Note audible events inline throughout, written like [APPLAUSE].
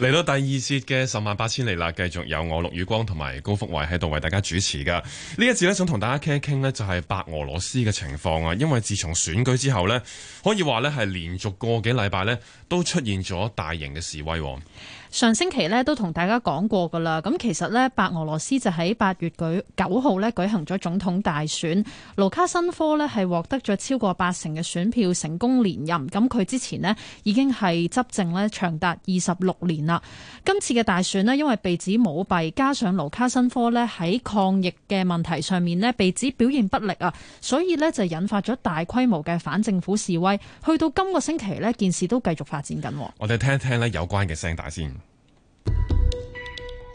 嚟到第二節嘅十萬八千里啦，繼續有我陸宇光同埋高福慧喺度為大家主持噶。呢一節咧，想同大家傾一傾呢，就係白俄羅斯嘅情況啊。因為自從選舉之後呢，可以話呢係連續個幾禮拜呢都出現咗大型嘅示威。上星期咧都同大家講過㗎喇，咁其實咧，白俄羅斯就喺八月舉九號咧舉行咗總統大選，盧卡申科呢係獲得咗超過八成嘅選票，成功連任。咁佢之前呢已經係執政呢長達二十六年啦。今次嘅大選呢因為被指舞弊，加上盧卡申科呢喺抗疫嘅問題上面呢被指表現不力啊，所以呢就引發咗大規模嘅反政府示威。去到今個星期呢件事都繼續發展緊。我哋聽一聽呢有關嘅聲帶先。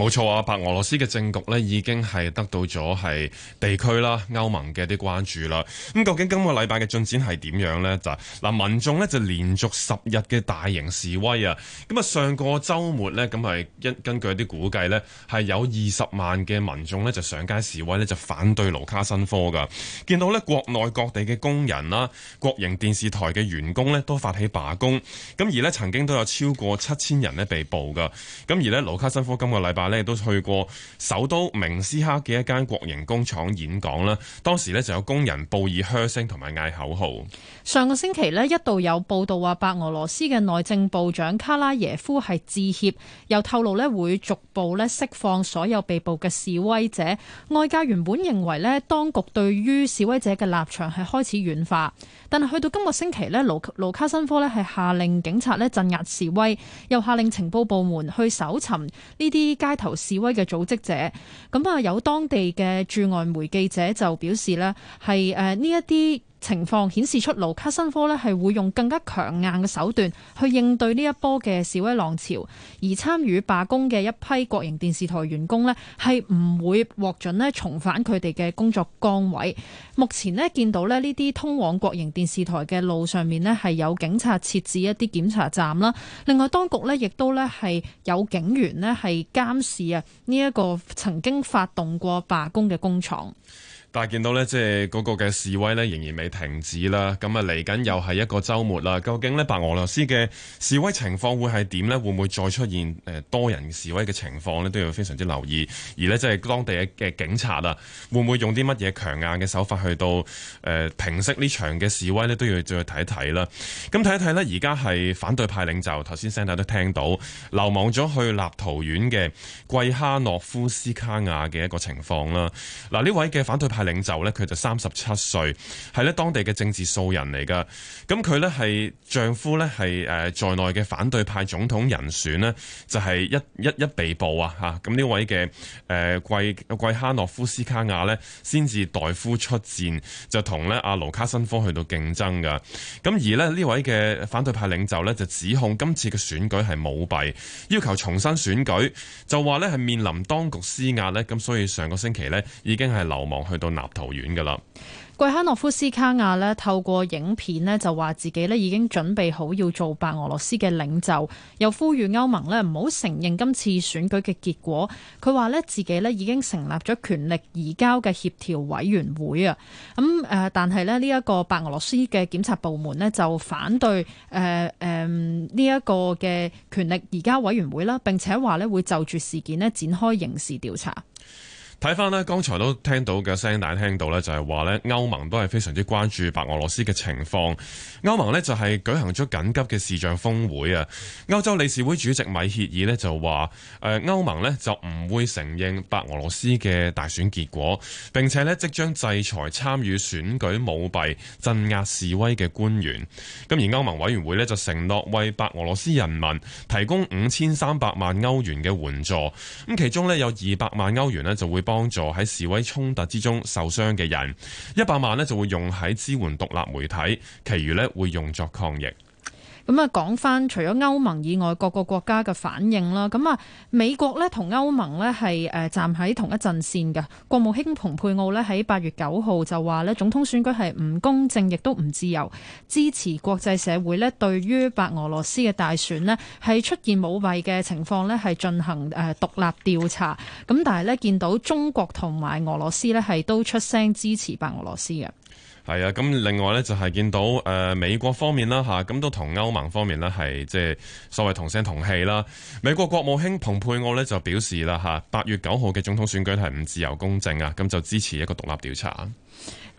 冇錯啊，白俄羅斯嘅政局呢已經係得到咗係地區啦、歐盟嘅啲關注啦。咁究竟今個禮拜嘅進展係點樣呢？就嗱，民眾呢就連續十日嘅大型示威啊。咁啊，上個週末呢，咁係根根據啲估計呢，係有二十萬嘅民眾呢就上街示威呢就反對盧卡申科㗎。見到呢國內各地嘅工人啦、國營電視台嘅員工呢都發起罷工。咁而呢曾經都有超過七千人呢被捕㗎。咁而呢盧卡申科今個禮拜亦都去過首都明斯克嘅一間國營工廠演講啦，當時呢就有工人報以噓聲同埋嗌口號。上個星期呢一度有報道話，白俄羅斯嘅內政部長卡拉耶夫係致歉，又透露呢會逐步呢釋放所有被捕嘅示威者。外界原本認為呢當局對於示威者嘅立場係開始軟化，但係去到今個星期呢，盧盧卡申科呢係下令警察呢鎮壓示威，又下令情報部門去搜尋呢啲街頭示威嘅組織者，咁啊，有當地嘅駐外媒記者就表示咧，係誒呢一啲。呃情況顯示出盧卡申科咧係會用更加強硬嘅手段去應對呢一波嘅示威浪潮，而參與罷工嘅一批國營電視台員工咧係唔會獲准咧重返佢哋嘅工作崗位。目前咧見到咧呢啲通往國營電視台嘅路上面咧係有警察設置一啲檢查站啦，另外當局咧亦都咧係有警員咧係監視啊呢一個曾經發動過罷工嘅工廠。但係見到呢，即係嗰個嘅示威呢，仍然未停止啦。咁啊，嚟緊又係一個週末啦。究竟呢，白俄羅斯嘅示威情況會係點呢？會唔會再出現多人示威嘅情況呢？都要非常之留意。而呢，即係當地嘅警察啊，會唔會用啲乜嘢強硬嘅手法去到誒平息呢場嘅示威呢？都要再去睇一睇啦。咁睇一睇呢，而家係反對派領袖，頭先聲帶都聽到流亡咗去立陶宛嘅季哈諾夫斯卡亞嘅一個情況啦。嗱，呢位嘅反對派。係領袖呢，佢就三十七歲，係呢當地嘅政治素人嚟噶。咁佢呢係丈夫呢係誒、呃、在內嘅反對派總統人選呢就係、係、一一一被捕啊吓。咁呢位嘅誒貴貴哈諾夫斯卡亞呢，先至代夫出戰，就同呢阿盧卡申科去到競爭噶。咁而咧呢呢位嘅反對派領袖呢，就指控今次嘅選舉係舞弊，要求重新選舉，就話呢係面臨當局施壓呢。咁所以上個星期呢，已經係流亡去到立陶宛噶啦，季哈諾夫斯卡亞透過影片就話自己已經準備好要做白俄羅斯嘅領袖，又呼籲歐盟咧唔好承認今次選舉嘅結果。佢話自己已經成立咗權力移交嘅協調委員會啊。咁誒，但係咧呢一個白俄羅斯嘅檢察部門就反對誒誒呢一個嘅權力移交委員會啦，並且話咧會就住事件咧展開刑事調查。睇翻呢，剛才都聽到嘅聲，但係聽到呢，就係話呢，歐盟都係非常之關注白俄羅斯嘅情況。歐盟呢，就係舉行咗緊急嘅視像峰會啊！歐洲理事會主席米歇爾呢，就、呃、話，誒歐盟呢，就唔會承認白俄羅斯嘅大選結果，並且呢，即將制裁參與選舉舞弊、鎮壓示威嘅官員。咁而歐盟委員會呢，就承諾為白俄羅斯人民提供五千三百萬歐元嘅援助。咁其中呢，有二百萬歐元呢，就會幫助喺示威衝突之中受傷嘅人，一百萬呢，就會用喺支援獨立媒體，其餘呢，會用作抗疫。咁啊，講翻除咗歐盟以外，各個國家嘅反應啦。咁啊，美國咧同歐盟咧係誒站喺同一陣線嘅。國務卿蓬佩奧咧喺八月九號就話咧，總統選舉係唔公正亦都唔自由，支持國際社會咧對於白俄羅斯嘅大選咧係出現舞弊嘅情況咧係進行誒獨立調查。咁但係咧見到中國同埋俄羅斯咧係都出聲支持白俄羅斯嘅。係啊，咁另外咧就係見到誒美國方面啦吓，咁都同歐盟方面咧係即係所謂同聲同氣啦。美國國務卿蓬佩奧咧就表示啦吓，八月九號嘅總統選舉係唔自由公正啊，咁就支持一個獨立調查。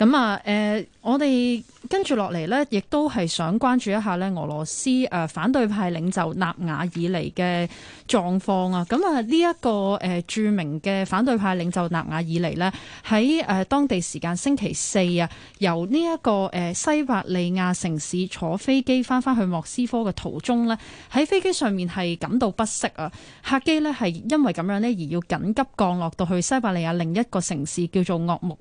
咁啊、呃，我哋跟住落嚟呢，亦都係想關注一下呢俄羅斯、呃、反對派領袖納瓦爾尼嘅狀況啊！咁、呃、啊，呢、這、一個、呃、著名嘅反對派領袖納瓦爾尼呢，喺誒、呃、當地時間星期四啊，由呢、這、一個、呃、西伯利亞城市坐飛機翻翻去莫斯科嘅途中呢，喺飛機上面係感到不適啊，客機呢係因為咁樣呢而要緊急降落到去西伯利亞另一個城市叫做鄂木。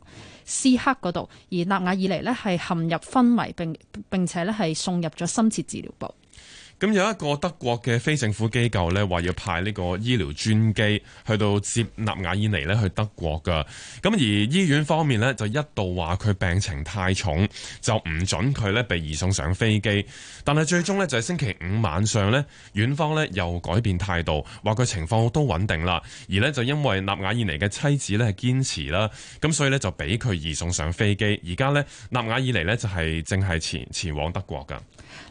斯克嗰度，而納瓦爾尼咧係陷入昏迷，並並且咧係送入咗深切治療部。咁有一個德國嘅非政府機構咧，話要派呢個醫療專機去到接納瓦爾尼咧去德國噶。咁而醫院方面咧，就一度話佢病情太重，就唔准佢咧被移送上飛機。但係最終呢，就係星期五晚上呢，院方呢又改變態度，話佢情況都穩定啦。而呢，就因為納瓦爾尼嘅妻子咧係堅持啦，咁所以咧就俾佢移送上飛機。而家呢，納瓦爾尼呢，就係正係前前往德國噶。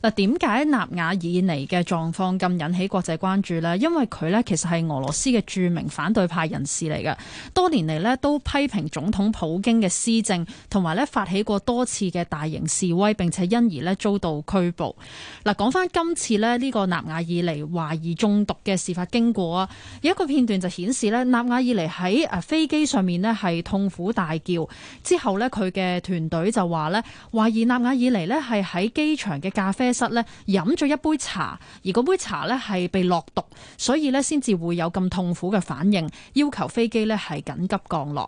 嗱，點解納瓦爾尼嘅狀況咁引起國際關注呢？因為佢咧其實係俄羅斯嘅著名反對派人士嚟嘅，多年嚟咧都批評總統普京嘅施政，同埋咧發起過多次嘅大型示威，並且因而咧遭到拘捕。嗱，講返今次咧呢個納瓦爾尼懷疑中毒嘅事發經過啊，有一個片段就顯示咧納瓦爾尼喺誒飛機上面咧係痛苦大叫，之後咧佢嘅團隊就話咧懷疑納瓦爾尼咧係喺機場嘅駕咖啡室咧飲咗一杯茶，而杯茶咧係被落毒，所以咧先至會有咁痛苦嘅反應，要求飛機咧係緊急降落。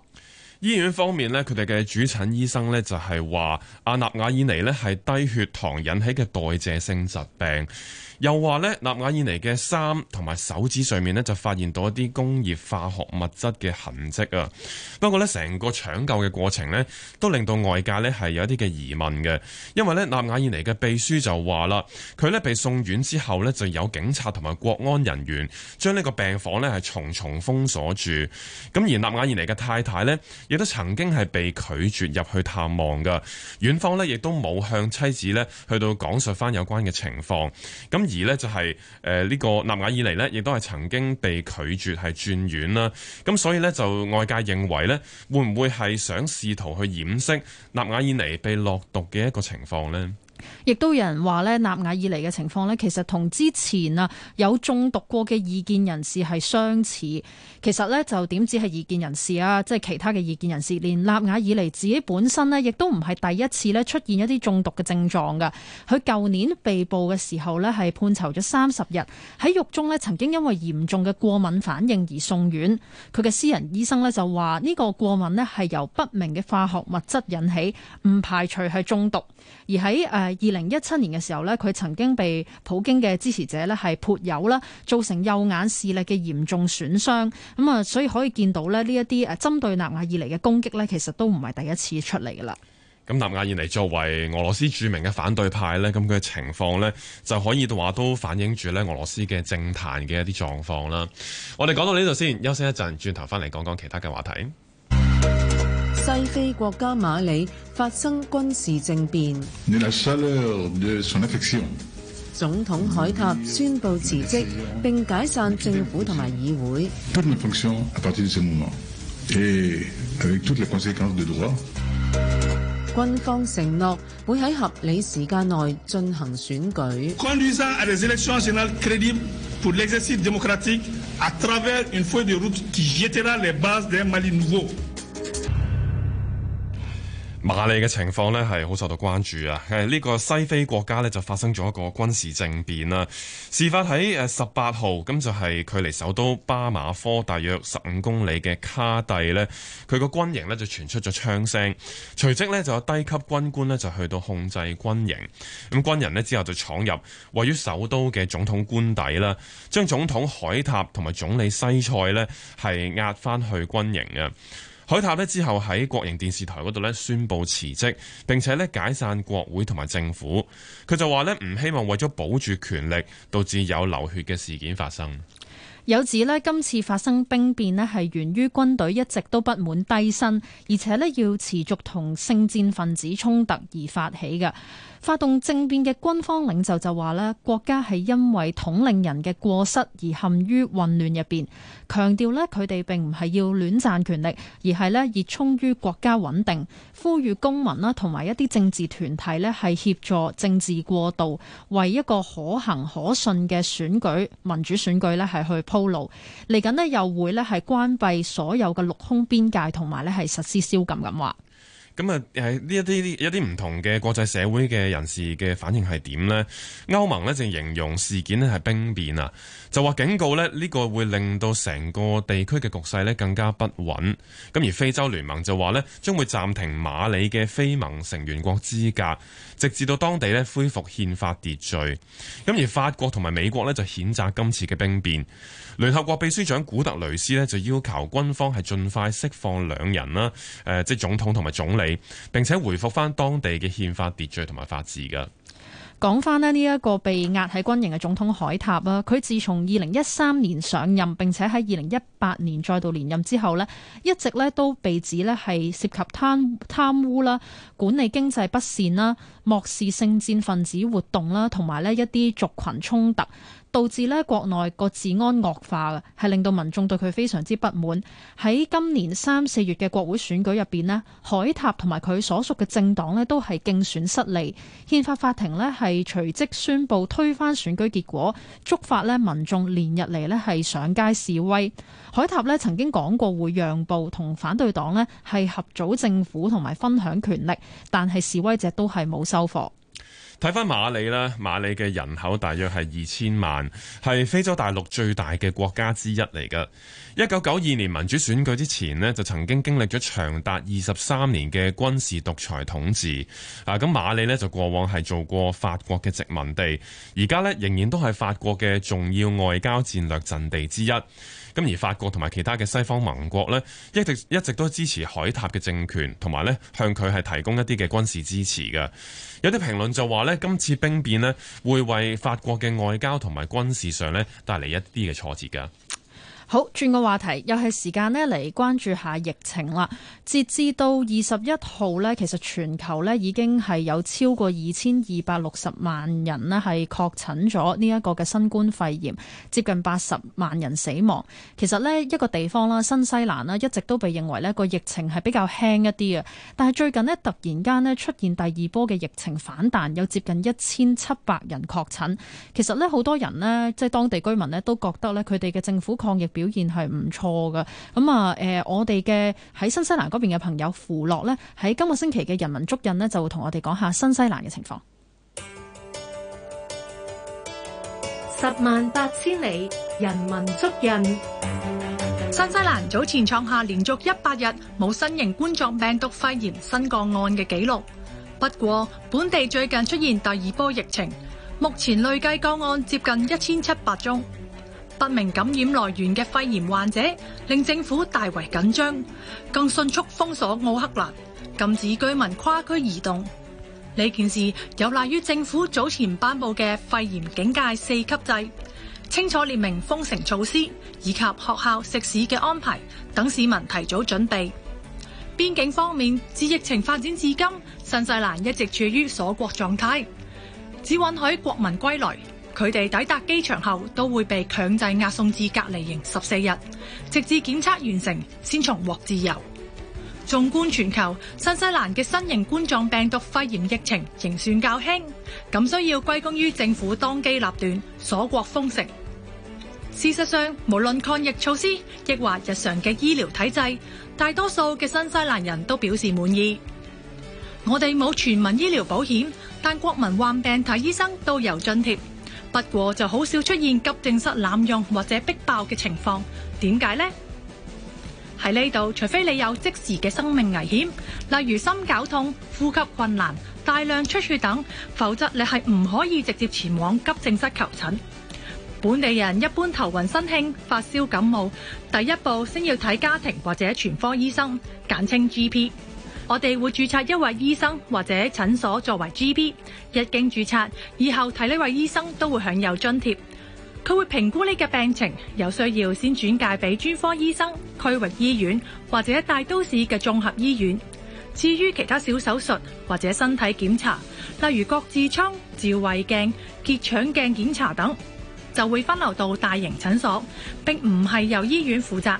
醫院方面呢，佢哋嘅主診醫生呢就係話阿納瓦爾尼呢係低血糖引起嘅代謝性疾病，又話呢納瓦爾尼嘅衫同埋手指上面呢就發現到一啲工業化學物質嘅痕跡啊。不過呢，成個搶救嘅過程呢都令到外界呢係有一啲嘅疑問嘅，因為呢納瓦爾尼嘅秘書就話啦，佢呢被送院之後呢就有警察同埋國安人員將呢個病房呢係重重封鎖住，咁而納瓦爾尼嘅太太呢？亦都曾經係被拒絕入去探望㗎。院方咧亦都冇向妻子咧去到講述翻有關嘅情況。咁而呢，就係誒呢個納瓦爾尼呢，亦都係曾經被拒絕係轉院啦。咁所以呢，就外界認為呢，會唔會係想試圖去掩飾納瓦爾尼被落毒嘅一個情況呢？亦都有人話呢，納瓦爾尼嘅情況呢，其實同之前啊有中毒過嘅異見人士係相似。其實呢，就點止係異見人士啊，即係其他嘅異見人士，連納瓦爾尼自己本身呢，亦都唔係第一次咧出現一啲中毒嘅症狀㗎。佢舊年被捕嘅時候呢，係判囚咗三十日，喺獄中呢，曾經因為嚴重嘅過敏反應而送院。佢嘅私人醫生呢，就話呢個過敏呢，係由不明嘅化學物質引起，唔排除係中毒。而喺誒。呃二零一七年嘅時候呢佢曾經被普京嘅支持者呢係潑油啦，造成右眼視力嘅嚴重損傷。咁啊，所以可以見到呢呢一啲誒針對納瓦爾尼嘅攻擊呢，其實都唔係第一次出嚟㗎啦。咁納瓦爾尼作為俄羅斯著名嘅反對派呢，咁佢嘅情況呢，就可以話都反映住呢俄羅斯嘅政壇嘅一啲狀況啦。我哋講到呢度先，休息一陣，轉頭翻嚟講講其他嘅話題。西非國家馬里發生軍事政變，總統海塔宣布辭職並解散政府同埋議會。軍方承諾會喺合理時間內進行選舉。馬里嘅情況呢係好受到關注啊。誒，呢個西非國家呢，就發生咗一個軍事政變啦。事發喺誒十八號，咁就係距離首都巴馬科大約十五公里嘅卡蒂呢，佢個軍營呢就傳出咗槍聲，隨即呢，就有低級軍官呢就去到控制軍營，咁軍人呢，之後就闖入，位於首都嘅總統官邸啦，將總統海塔同埋總理西塞呢係押返去軍營啊。海塔呢之後喺國營電視台嗰度呢宣布辭職，並且呢解散國會同埋政府。佢就話呢唔希望為咗保住權力，導致有流血嘅事件發生。有指呢今次發生兵變呢係源於軍隊一直都不滿低薪，而且呢要持續同聖戰分子衝突而發起嘅。發動政變嘅軍方領袖就話咧，國家係因為統領人嘅過失而陷於混亂入邊，強調咧佢哋並唔係要亂賺權力，而係咧熱衷於國家穩定，呼籲公民啦同埋一啲政治團體咧係協助政治過渡，為一個可行可信嘅選舉、民主選舉咧係去鋪路。嚟緊咧又會咧係關閉所有嘅陸空邊界，同埋咧係實施宵禁咁話。咁啊，係呢一啲啲一啲唔同嘅國際社會嘅人士嘅反應係點咧？歐盟咧就形容事件咧係兵變啊，就話警告咧呢個會令到成個地區嘅局勢咧更加不穩，咁而非洲聯盟就話咧將會暫停馬里嘅非盟成員國資格，直至到當地咧恢復憲法秩序。咁而法國同埋美國咧就譴責今次嘅兵變。聯合國秘書長古特雷斯咧就要求軍方係盡快釋放兩人啦，誒即總統同埋總理。並且回復翻當地嘅憲法秩序同埋法治噶。講翻咧呢一個被押喺軍營嘅總統凱塔啦，佢自從二零一三年上任，並且喺二零一八年再度連任之後咧，一直咧都被指咧係涉及貪貪污啦、管理經濟不善啦、漠視聖戰分子活動啦，同埋咧一啲族群衝突。導致咧國內個治安惡化嘅，係令到民眾對佢非常之不滿。喺今年三四月嘅國會選舉入邊咧，凱塔同埋佢所屬嘅政黨咧都係競選失利。憲法法庭咧係隨即宣布推翻選舉結果，觸發咧民眾連日嚟咧係上街示威。凱塔咧曾經講過會讓步同反對黨咧係合組政府同埋分享權力，但係示威者都係冇收貨。睇翻馬里啦，馬里嘅人口大約係二千萬，係非洲大陸最大嘅國家之一嚟㗎。一九九二年民主選舉之前呢，就曾經經歷咗長達二十三年嘅軍事獨裁統治。啊，咁馬里呢，就過往係做過法國嘅殖民地，而家呢，仍然都係法國嘅重要外交戰略陣地之一。咁而法國同埋其他嘅西方盟國呢，一直一直都支持凱塔嘅政權，同埋呢向佢係提供一啲嘅軍事支持嘅。有啲評論就話呢，今次兵變呢會為法國嘅外交同埋軍事上呢帶嚟一啲嘅挫折嘅。好，轉個話題，又係時間呢嚟關注下疫情啦。截至到二十一號呢，其實全球呢已經係有超過二千二百六十萬人呢係確診咗呢一個嘅新冠肺炎，接近八十萬人死亡。其實呢一個地方啦，新西蘭呢，一直都被認為呢個疫情係比較輕一啲嘅，但係最近呢，突然間呢出現第二波嘅疫情反彈，有接近一千七百人確診。其實呢，好多人呢，即係當地居民呢，都覺得呢佢哋嘅政府抗疫表表現係唔錯噶，咁啊，誒、呃，我哋嘅喺新西蘭嗰邊嘅朋友符樂呢，喺今個星期嘅《人文足印》呢，就會同我哋講下新西蘭嘅情況。十萬八千里，《人文足印》。新西蘭早前創下連續一百日冇新型冠狀病毒肺炎新個案嘅紀錄，不過本地最近出現第二波疫情，目前累計個案接近一千七百宗。不明感染來源嘅肺炎患者令政府大為緊張，更迅速封鎖奧克蘭，禁止居民跨區移動。呢件事有賴於政府早前頒布嘅肺炎警戒四級制，清楚列明封城措施，以及學校食肆嘅安排等，市民提早準備。邊境方面，自疫情發展至今，新西蘭一直處於鎖國狀態，只允許國民歸來。佢哋抵達機場後都會被強制押送至隔離營14不過就好少出現急症室濫用或者逼爆嘅情況，點解呢？喺呢度，除非你有即時嘅生命危險，例如心絞痛、呼吸困難、大量出血等，否則你係唔可以直接前往急症室求診。本地人一般頭暈身㷫、發燒感冒，第一步先要睇家庭或者全科醫生，簡稱 G.P. 我哋會註冊一位醫生或者診所作為 GP，一經註冊以後睇呢位醫生都會享有津貼。佢會評估你嘅病情，有需要先轉介俾專科醫生、區域醫院或者大都市嘅綜合醫院。至於其他小手術或者身體檢查，例如割痔瘡、照胃鏡、結腸鏡檢查等，就會分流到大型診所，並唔係由醫院負責。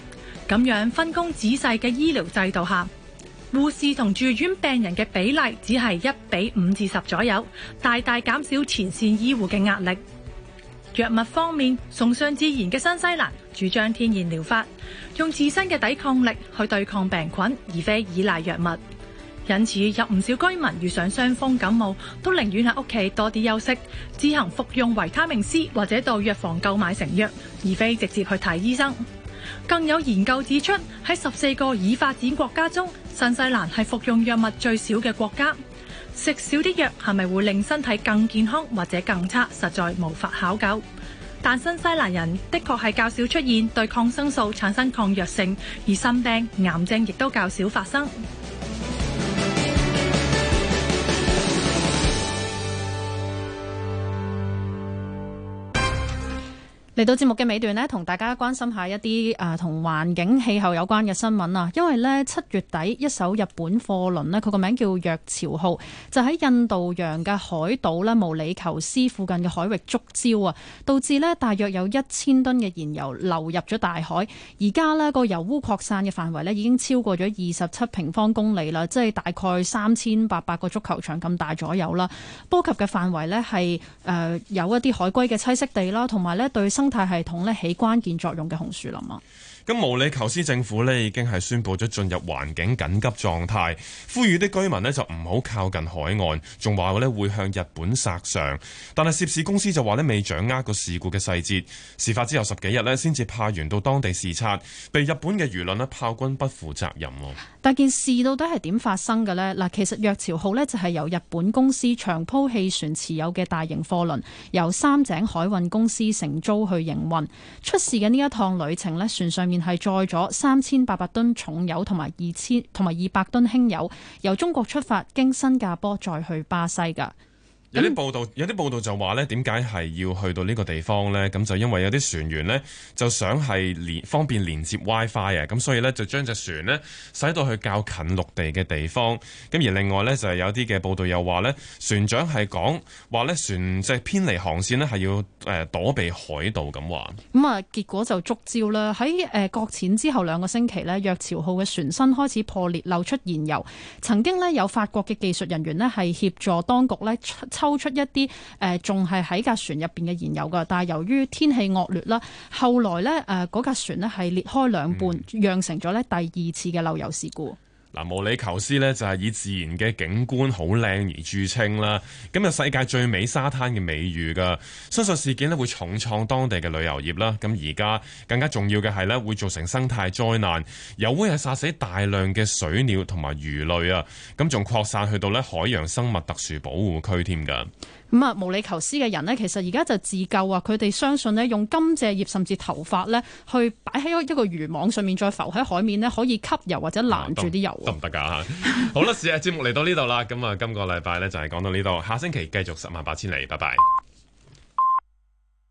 咁樣分工仔細嘅醫療制度下。護士同住院病人嘅比例只係一比五至十左右，大大減少前線醫護嘅壓力。藥物方面，崇尚自然嘅新西蘭主張天然療法，用自身嘅抵抗力去對抗病菌，而非依賴藥物。因此，有唔少居民遇上傷風感冒，都寧願喺屋企多啲休息，自行服用維他命 C，或者到藥房購買成藥，而非直接去睇醫生。更有研究指出，喺十四個已發展國家中，新西蘭係服用藥物最少嘅國家。食少啲藥係咪會令身體更健康或者更差，實在無法考究。但新西蘭人的確係較少出現對抗生素產生抗藥性，而心病、癌症亦都較少發生。嚟到節目嘅尾段呢，同大家關心一下一啲同、呃、環境氣候有關嘅新聞啊。因為呢，七月底一艘日本貨輪呢，佢個名叫若潮號，就喺印度洋嘅海島咧毛里求斯附近嘅海域觸礁啊，導致呢，大約有一千噸嘅燃油流入咗大海。而家呢個油污擴散嘅範圍呢，已經超過咗二十七平方公里啦，即係大概三千八百個足球場咁大左右啦。波及嘅範圍呢，係、呃、有一啲海龜嘅棲息地啦，同埋呢對生生態系統咧起關鍵作用嘅紅樹林啊！咁毛里求斯政府呢已經係宣布咗進入環境緊急狀態，呼籲啲居民呢就唔好靠近海岸，仲話呢會向日本索償。但係涉事公司就話呢未掌握過事故嘅細節，事發之後十幾日呢先至派員到當地視察，被日本嘅輿論咧炮轟不負責任。但件事到底係點發生嘅呢？嗱，其實若潮號呢就係由日本公司長鋪汽船持有嘅大型貨輪，由三井海運公司承租去營運。出事嘅呢一趟旅程呢船上面係載咗三千八百噸重油同埋二千同埋二百噸輕油，由中國出發，經新加坡再去巴西噶。嗯、有啲報道，有啲報道就話咧，點解係要去到呢個地方呢？咁就因為有啲船員呢就想係連方便連接 WiFi 啊，咁所以呢就將隻船呢駛到去較近陸地嘅地方。咁而另外呢就係有啲嘅報道又話呢，船長係講話呢船隻偏離航線呢係要誒、呃、躲避海盜咁話。咁、嗯、啊，結果就觸礁啦！喺誒、呃、擱淺之後兩個星期呢，若潮號嘅船身開始破裂，漏出燃油。曾經呢有法國嘅技術人員呢係協助當局呢。抽出一啲誒，仲係喺架船入邊嘅燃油㗎，但係由於天氣惡劣啦，後來咧誒，嗰架船咧係裂開兩半，釀、嗯、成咗咧第二次嘅漏油事故。嗱，毛里求斯呢，就係以自然嘅景觀好靚而著稱啦，咁有世界最美沙灘嘅美譽噶。相信事件呢會重創當地嘅旅遊業啦。咁而家更加重要嘅係呢會造成生態災難，油污係殺死大量嘅水鳥同埋魚類啊。咁仲擴散去到呢海洋生物特殊保護區添㗎。咁啊，毛里求斯嘅人呢，其實而家就自救啊！佢哋相信呢，用甘蔗葉甚至頭髮呢，去擺喺一個魚網上面，再浮喺海面呢，可以吸油或者攔住啲油。得唔得㗎？ [LAUGHS] [LAUGHS] 好啦，時事節目嚟到呢度啦，咁啊，今個禮拜呢，就係講到呢度，下星期繼續十萬八千里，拜拜。